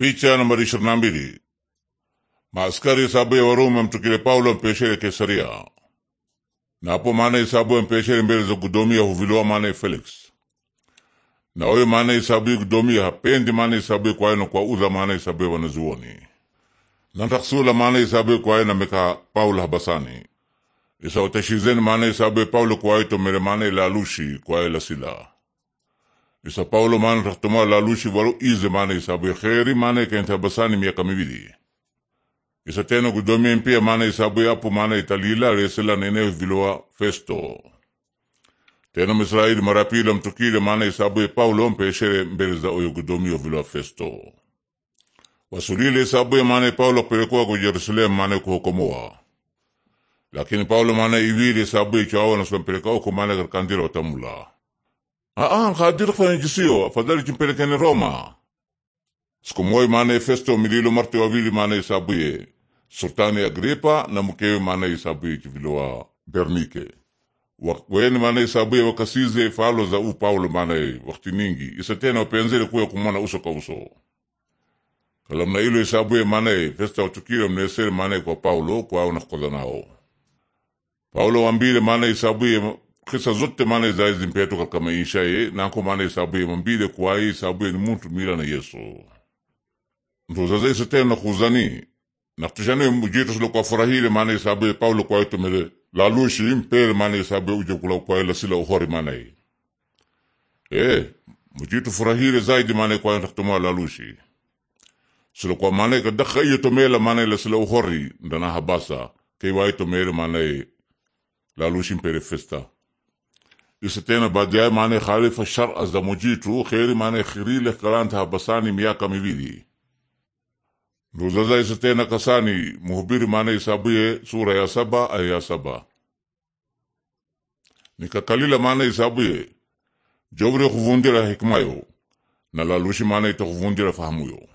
Picha nambari ishirini na mbili. Maaskari hesabu ya Warumi mtukile Paulo mpeshele Kesaria. Na hapo maana hesabu ya mpeshere mbele za Gudomia huviloa maana Felix. Na oyo maana hesabu ya Gudomia hapendi maana hesabu ya kwayo na kwa uza maana hesabu ya wanazuoni. Na taksula maana hesabu ya kwayo na meka Paulo habasani. Isa utashizeni maana hesabu ya Paulo kwayo to mere maana ilalushi kwayo la sila isa paulo maana tahtoma lalushi waru ize maana isa buyakheri maana e ikaintabasani miaka miwili isa tena gudomi e mpia mana isa apu mana e italila resela nene viloa festo tena misraeli mara pili mtukile maana isabuye paulo mpeshere mbele za oyo gudomio viloa festo wasulile isabuye maana paulo kupelekwa ku yerusalemu maana kuhokomoa lakini paulo maana iwile isabuye chwawo nasumpeleka uko maana karikandira watamula haadira ah, ah, kufanya jisio afadhali jimpelekeni Roma. Siku moja manaye Festo mililo marte wavili manaye isabuye Sultani Agripa na mkewe manaye isabuye jivilowa Bernike wakweni manaye isabuye wakasize falo za u Paulo manaye wakti ningi isatena wapenzele kuya kumona uso kwa uso kalamna ilo isabuye manaye Festo watukile mnesele manaye kwa Paulo kwaau na kukoza nao Paulo wambile manaye isabuye kisa zote mane maana zimpeto katika maisha ye nako maana isabuye mambile kuwaye isabuye ni muntu mira na yesu ntuzazeise tena kuzani na nakutushaniwe mujito sula mane maana isabuye paulo kuwaye tumele lalushi impele maana isabuye uje kula la sila uhori mane maanaye e mujito furahile zaidi maana kuwaye takutumaa lalushi sula kwa maana kadaka iyo mane la sila uhori ndana habasa keiwaye tomele maanaye lalushi impele festa isetena baadaye maana khalifa shar za mujitu kheri maana khirile karanta habasani miaka miwili nduzaza tena kasani muhubiri maana isabuye sura ya saba aya ya saba nikakalila maana isabuye jobure khuvundira hikmayo na lalushi maana itakuvundira fahamuyo